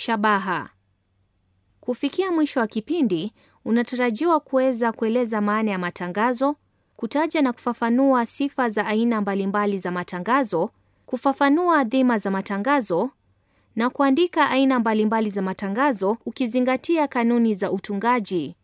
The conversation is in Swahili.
Shabaha: kufikia mwisho wa kipindi, unatarajiwa kuweza kueleza maana ya matangazo, kutaja na kufafanua sifa za aina mbalimbali za matangazo, kufafanua dhima za matangazo na kuandika aina mbalimbali za matangazo ukizingatia kanuni za utungaji.